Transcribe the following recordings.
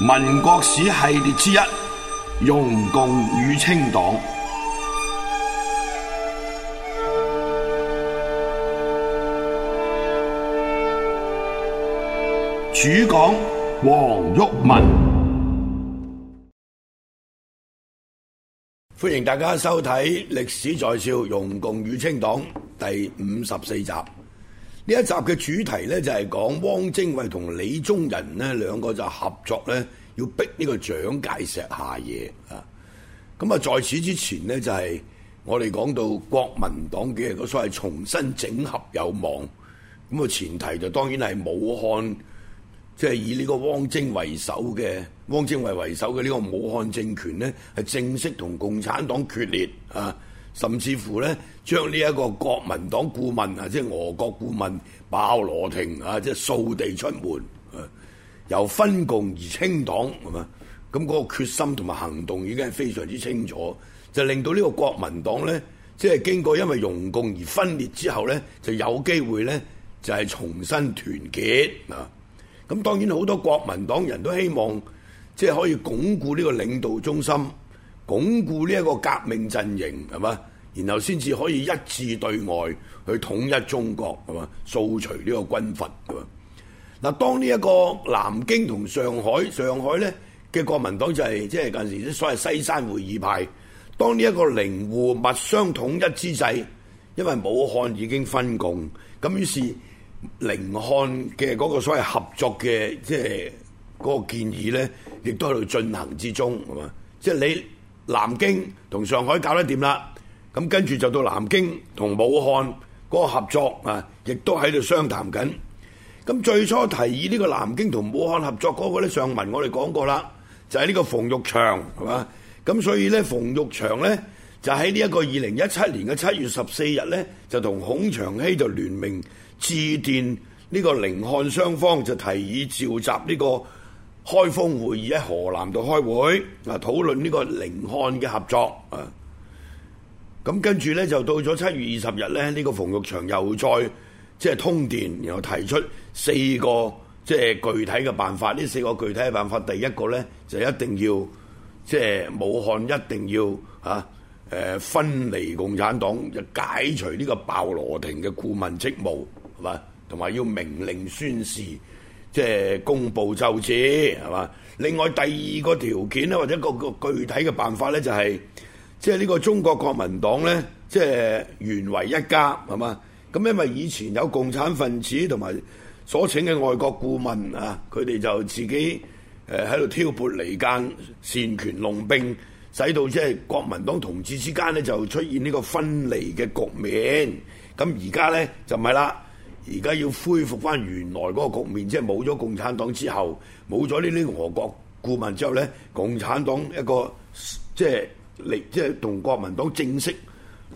民國史系列之一《容共與清黨》主，主講黃毓民。歡迎大家收睇《歷史在笑容共與清黨》第五十四集。呢一集嘅主題呢，就係講汪精衛同李宗仁咧兩個就合作呢要逼呢個蔣介石下野。啊！咁啊，在此之前呢，就係我哋講到國民黨嘅所謂重新整合有望，咁啊前提就當然係武漢，即係以呢個汪精為首嘅汪精衛為首嘅呢個武漢政權呢，係正式同共產黨決裂啊！甚至乎咧，將呢一個國民黨顧問啊，即係俄國顧問鮑羅廷，啊，即係掃地出門，啊，由分共而清黨，係嘛，咁嗰個決心同埋行動已經係非常之清楚，就令到呢個國民黨咧，即係經過因為容共而分裂之後咧，就有機會咧，就係、是、重新團結啊！咁當然好多國民黨人都希望，即係可以鞏固呢個領導中心。鞏固呢一個革命陣營，係嘛，然後先至可以一致對外，去統一中國，係嘛，掃除呢個軍閥。係嘛，嗱，當呢一個南京同上海，上海咧嘅國民黨就係即係近時所謂西山會議派。當呢一個寧滬密相統一之際，因為武漢已經分共，咁於是寧漢嘅嗰個所謂合作嘅即係嗰個建議咧，亦都喺度進行之中，係嘛，即係你。南京同上海搞得掂啦，咁跟住就到南京同武漢嗰個合作啊，亦都喺度商談緊。咁最初提議呢個南京同武漢合作嗰個咧，上文我哋講過啦，就係呢個馮玉祥係嘛。咁所以呢，馮玉祥呢，就喺呢一個二零一七年嘅七月十四日呢，就同孔祥熙就聯名致電呢個寧漢雙方，就提議召集呢個。開封會議喺河南度開會啊，討論呢個寧漢嘅合作啊。咁跟住呢，就到咗七月二十日咧，呢、這個馮玉祥又再即係通電，然後提出四個即係具體嘅辦法。呢四個具體嘅辦法，第一個呢，就一定要即係武漢一定要嚇誒、啊呃、分離共產黨，就解除呢個鮑羅廷嘅顧問職務，係嘛？同埋要明令宣示。即係公布就職，係嘛？另外第二個條件咧，或者個個具體嘅辦法咧，就係即係呢個中國國民黨咧，即係原為一家，係嘛？咁因為以前有共產分子同埋所請嘅外國顧問啊，佢哋就自己誒喺度挑撥離間、擅權弄兵，使到即係國民黨同志之間咧就出現呢個分離嘅局面。咁而家咧就唔係啦。而家要恢復翻原來嗰個局面，即係冇咗共產黨之後，冇咗呢啲俄國顧問之後咧，共產黨一個即係嚟，即係同國民黨正式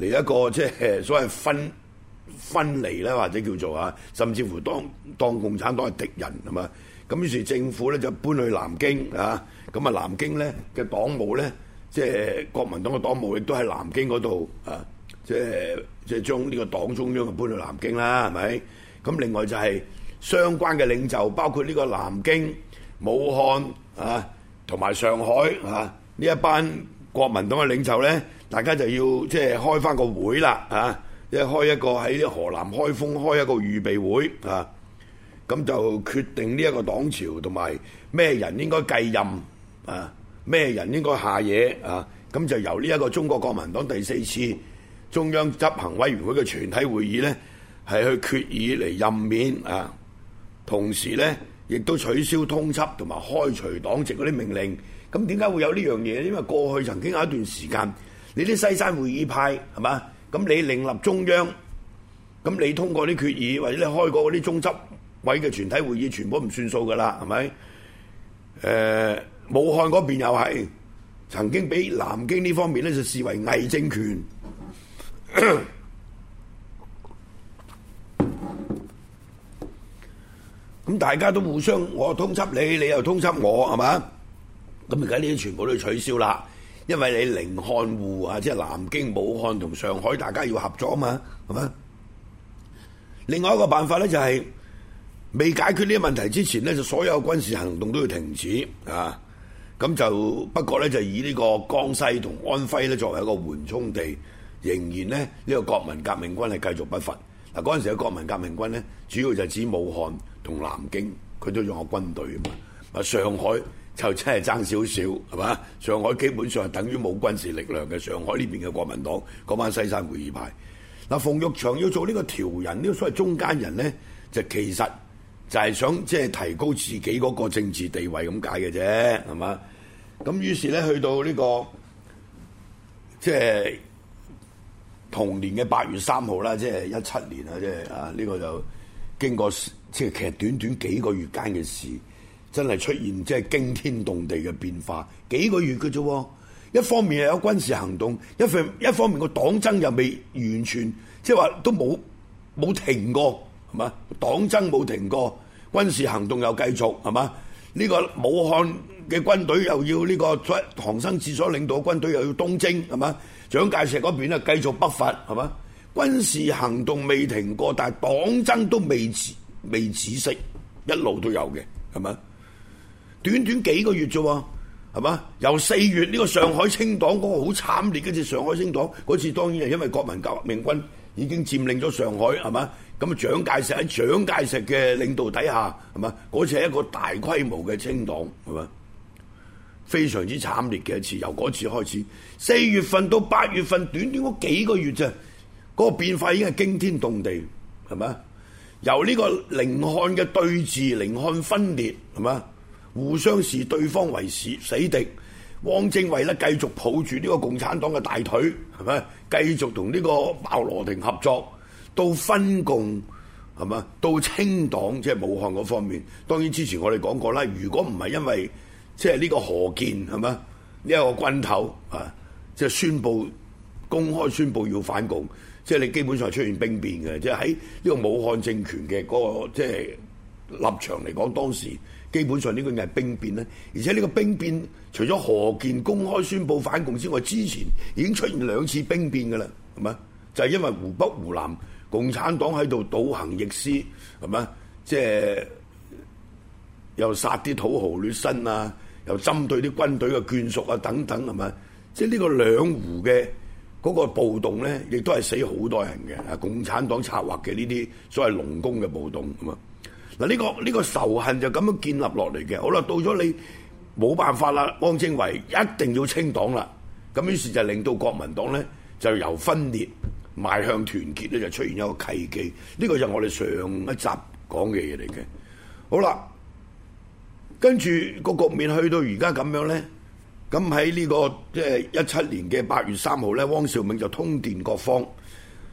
嚟一個即係所謂分分離咧，或者叫做啊，甚至乎當當共產黨係敵人吖嘛？咁於是政府咧就搬去南京啊，咁啊南京咧嘅黨務咧，即係國民黨嘅黨務亦都喺南京嗰度啊。即係即係將呢個黨中央搬到南京啦，係咪？咁另外就係、是、相關嘅領袖，包括呢個南京、武漢啊，同埋上海啊，呢一班國民黨嘅領袖呢，大家就要即係開翻個會啦啊！即、就、係、是、開一個喺、啊、河南開封開一個預備會啊，咁、嗯、就決定呢一個黨潮同埋咩人應該繼任啊，咩人應該下野啊？咁、嗯、就由呢一個中國國民黨第四次中央執行委員會嘅全體會議呢，係去決議嚟任免啊，同時呢亦都取消通緝同埋開除黨籍嗰啲命令。咁點解會有呢樣嘢？因為過去曾經有一段時間，你啲西山會議派係嘛？咁你另立中央，咁你通過啲決議或者你開過嗰啲中執委嘅全體會議，全部唔算數㗎啦，係咪？誒、呃，武漢嗰邊又係曾經俾南京呢方面呢，就視為偽政權。咁 大家都互相我通緝你，你又通緝我，係嘛？咁而家呢啲全部都要取消啦，因為你寧漢戶啊，即係南京、武漢同上海，大家要合作啊嘛，係嘛？另外一個辦法呢、就是，就係未解決呢個問題之前呢，就所有軍事行動都要停止啊。咁就不過呢，就以呢個江西同安徽咧作為一個緩衝地。仍然咧，呢、這個國民革命軍係繼續北伐嗱。嗰陣時嘅國民革命軍呢，主要就指武漢同南京，佢都擁有軍隊啊嘛。啊，上海就真係爭少少係嘛？上海基本上係等於冇軍事力量嘅。上海呢邊嘅國民黨嗰班西山會議派，嗱，馮玉祥要做呢個調人，呢、這個所謂中間人呢，就其實就係想即係、就是、提高自己嗰個政治地位咁解嘅啫，係嘛？咁於是呢，去到呢、這個即係。同年嘅八月三號啦，即係一七年啊，即係啊呢個就經過即係其實短短幾個月間嘅事，真係出現即係驚天動地嘅變化。幾個月嘅啫，一方面又有軍事行動，一方一方面個黨爭又未完全，即係話都冇冇停過，係嘛？黨爭冇停過，軍事行動又繼續，係嘛？呢個武漢嘅軍隊又要呢個唐生智所領導嘅軍隊又要東征，係嘛？蔣介石嗰邊咧繼續北伐，係嘛？軍事行動未停過，但係黨爭都未止，未止息，一路都有嘅，係嘛？短短幾個月啫，係嘛？由四月呢個上海清黨嗰個好慘烈，跟住上海清黨嗰次當然係因為國民革命軍已經佔領咗上海，係嘛？咁蔣介石喺蔣介石嘅領導底下，係嘛？嗰次係一個大規模嘅清黨，係嘛？非常之慘烈嘅一次，由嗰次開始，四月份到八月份，短短嗰幾個月啫，嗰、那個變化已經係驚天動地，係咪？由呢個寧漢嘅對峙、寧漢分裂，係咪？互相視對方為死死敵，汪精衛咧繼續抱住呢個共產黨嘅大腿，係咪？繼續同呢個鮑羅廷合作，到分共，係咪？到清黨，即、就、係、是、武漢嗰方面，當然之前我哋講過啦，如果唔係因為即係呢個何建，係嘛？呢一個軍頭啊，即係宣布公開宣布要反共，即係你基本上出現兵變嘅。即係喺呢個武漢政權嘅嗰個即係立場嚟講，當時基本上呢個係兵變咧。而且呢個兵變除咗何建公開宣布反共之外，之前已經出現兩次兵變嘅啦，係嘛？就係因為湖北湖南共產黨喺度倒行逆施，係嘛？即係又殺啲土豪劣紳啊！又針對啲軍隊嘅眷屬啊，等等係咪？即係呢個兩湖嘅嗰個暴動咧，亦都係死好多人嘅啊！共產黨策劃嘅呢啲所謂農工嘅暴動啊嘛。嗱、嗯、呢、呢個呢、呢個仇恨就咁樣建立落嚟嘅。好啦，到咗你冇辦法啦，汪精衛一定要清黨啦。咁於是就令到國民黨咧就由分裂邁向團結咧，就出現一個契機。呢、呢個就係我哋上一集講嘅嘢嚟嘅。好啦。跟住個局面去到而家咁樣呢。咁喺呢個即係一七年嘅八月三號呢，汪兆銘就通電各方，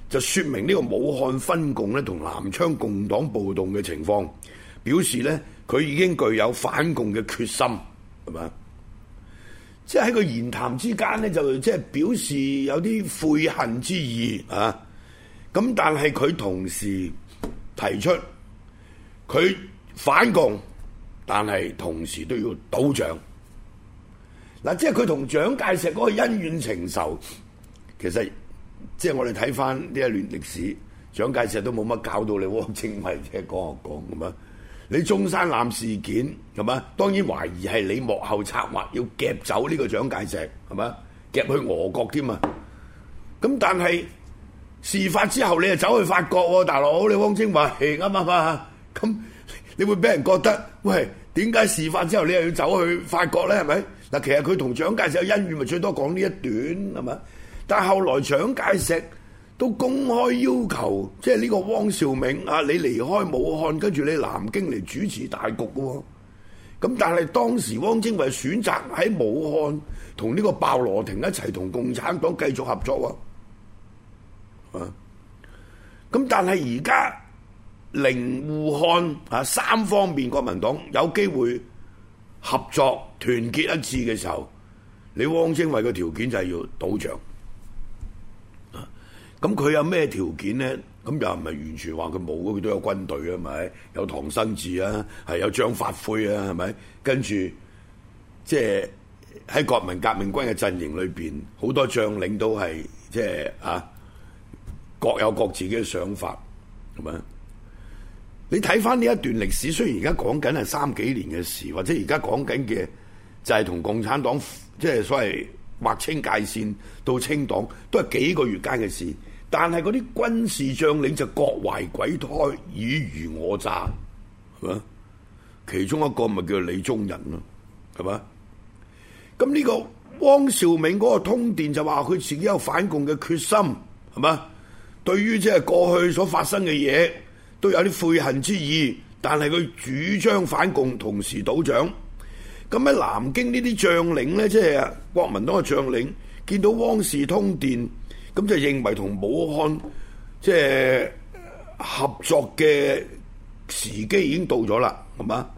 就説明呢個武漢分共呢同南昌共黨暴動嘅情況，表示呢，佢已經具有反共嘅決心，係嘛？即係喺個言談之間呢，就即係表示有啲悔恨之意啊！咁但係佢同時提出佢反共。但係同時都要倒蔣，嗱、啊，即係佢同蔣介石嗰個恩怨情仇，其實即係我哋睇翻呢一段歷史，蔣介石都冇乜搞到你汪精衛即係講啊講咁樣，你中山艦事件係嘛？當然懷疑係你幕後策劃要夾走呢個蔣介石係嘛？夾去俄國添啊，咁但係事發之後你又走去法國，啊，大佬你汪精衛啱唔啱啊？咁。你會俾人覺得，喂，點解事發之後你又要走去法國呢？係咪？嗱，其實佢同蔣介石有恩怨，咪最多講呢一段係咪？但係後來蔣介石都公開要求，即係呢個汪兆銘啊，你離開武漢，跟住你南京嚟主持大局嘅喎、哦。咁但係當時汪精衛選擇喺武漢同呢個鮑羅廷一齊同共產黨繼續合作、哦、啊，咁但係而家。寧滬漢啊，三方面國民黨有機會合作團結一致嘅時候，你汪精衛嘅條件就係要倒蔣啊！咁佢有咩條件呢？咁又唔係完全話佢冇，佢都有軍隊啊，係咪？有唐生智啊，係有張發奎啊，係咪？跟住即係喺國民革命軍嘅陣營裏邊，好多將領都係即係啊，各有各自己嘅想法，係咪？你睇翻呢一段歷史，雖然而家講緊係三幾年嘅事，或者而家講緊嘅就係同共產黨即係、就是、所謂劃清界線到清黨，都係幾個月間嘅事。但係嗰啲軍事將領就各懷鬼胎，以虞我詐，係嘛？其中一個咪叫李宗仁咯，係嘛？咁呢個汪兆銘嗰個通電就話佢自己有反共嘅決心，係嘛？對於即係過去所發生嘅嘢。都有啲悔恨之意，但係佢主張反共，同時倒蔣。咁喺南京呢啲將領呢，即係國民黨嘅將領，見到汪氏通電，咁就認為同武漢即係、就是、合作嘅時機已經到咗啦，係嘛？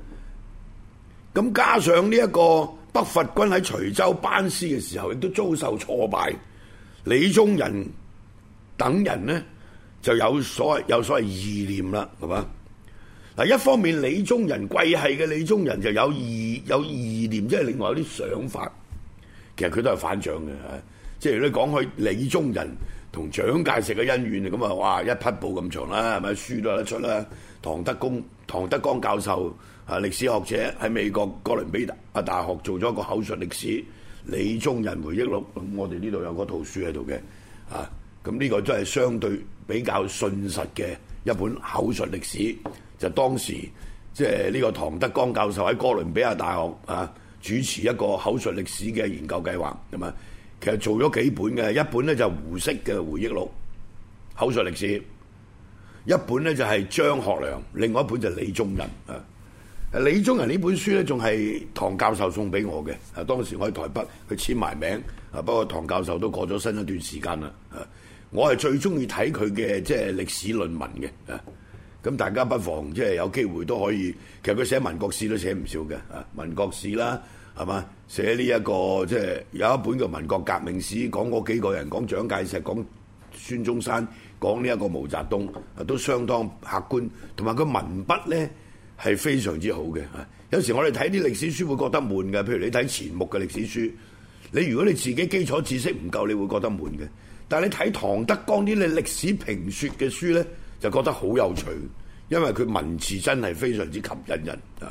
咁加上呢一個北伐軍喺徐州班師嘅時候，亦都遭受挫敗，李宗仁等人呢。就有所謂有所謂意念啦，係嘛？嗱，一方面李宗仁桂系嘅李宗仁就有意有意念，即係另外有啲想法。其實佢都係反蔣嘅、啊，即係你講開李宗仁同蔣介石嘅恩怨咁啊，哇一匹布咁長啦，係咪？書都有得出啦。唐德公、唐德剛教授啊，歷史學者喺美國哥倫比亞大學做咗一個口述歷史《李宗仁回憶錄》，咁我哋呢度有嗰套書喺度嘅啊。咁呢個都係相對比較信實嘅一本口述歷史，就當時即係呢個唐德剛教授喺哥倫比亞大學啊主持一個口述歷史嘅研究計劃，咁啊，其實做咗幾本嘅，一本呢就胡適嘅回憶錄口述歷史，一本呢就係張學良，另外一本就係李宗仁啊。李宗仁呢本書呢，仲係唐教授送俾我嘅，啊當時我喺台北去簽埋名，啊不過唐教授都過咗身一段時間啦，啊。我係最中意睇佢嘅即係歷史論文嘅，啊！咁大家不妨即係有機會都可以，其實佢寫民國史都寫唔少嘅，啊！民國史啦，係嘛？寫呢、這、一個即係有一本嘅民國革命史，講嗰幾個人，講蔣介石，講孫中山，講呢一個毛澤東，啊，都相當客觀。同埋佢文筆咧係非常之好嘅，啊！有時我哋睇啲歷史書會覺得悶嘅，譬如你睇錢穆嘅歷史書，你如果你自己基礎知識唔夠，你會覺得悶嘅。但你睇唐德剛啲歷史評説嘅書呢，就覺得好有趣，因為佢文字真係非常之吸引人啊！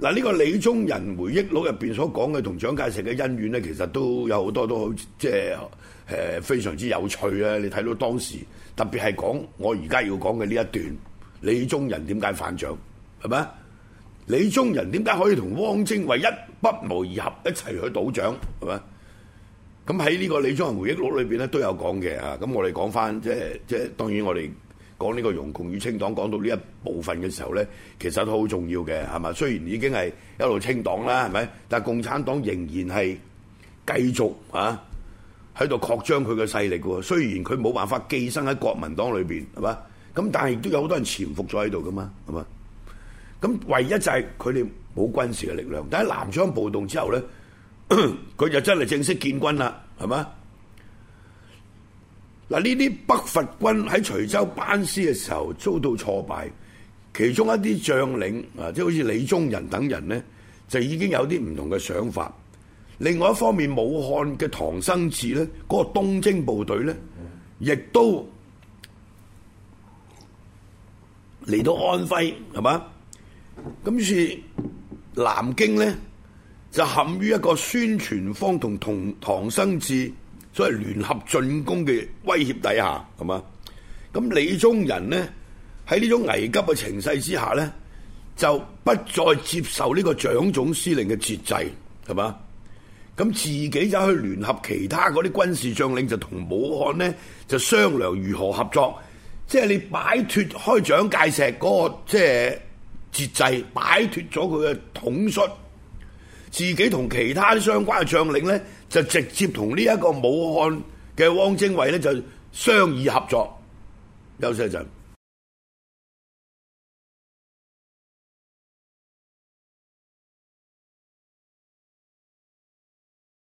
嗱、這個，呢個李宗仁回憶錄入邊所講嘅同蔣介石嘅恩怨呢，其實都有好多都好即係誒非常之有趣啊！你睇到當時特別係講我而家要講嘅呢一段，李宗仁點解反蔣？係咪？李宗仁點解可以同汪精衛一不謀而合一齊去倒蔣？係咪？咁喺呢個李宗仁回憶錄裏邊咧都有講嘅嚇，咁我哋講翻即係，即係，當然我哋講呢個容共與清黨講到呢一部分嘅時候咧，其實都好重要嘅係嘛？雖然已經係一路清黨啦，係咪？但共產黨仍然係繼續啊喺度擴張佢嘅勢力喎。雖然佢冇辦法寄生喺國民黨裏邊係嘛，咁但係亦都有好多人潛伏咗喺度噶嘛係嘛？咁唯一就係佢哋冇軍事嘅力量，但係南昌暴動之後咧。佢 就真係正式建軍啦，係嘛？嗱，呢啲北伐軍喺徐州班師嘅時候遭到挫敗，其中一啲將領啊，即係好似李宗仁等人呢，就已經有啲唔同嘅想法。另外一方面，武漢嘅唐生智呢，嗰個東征部隊呢，亦都嚟到安徽，係嘛？咁是南京呢？就陷於一個宣傳方同同唐生智所謂聯合進攻嘅威脅底下，係嘛？咁李宗仁呢，喺呢種危急嘅情勢之下呢，就不再接受呢個蔣總司令嘅節制，係嘛？咁自己就去聯合其他嗰啲軍事將領，就同武漢呢就商量如何合作，即係你擺脱開蔣介石嗰個即係節制，擺脱咗佢嘅統率。自己同其他相關嘅將領呢，就直接同呢一個武漢嘅汪精衛呢，就商議合作。休息一陣。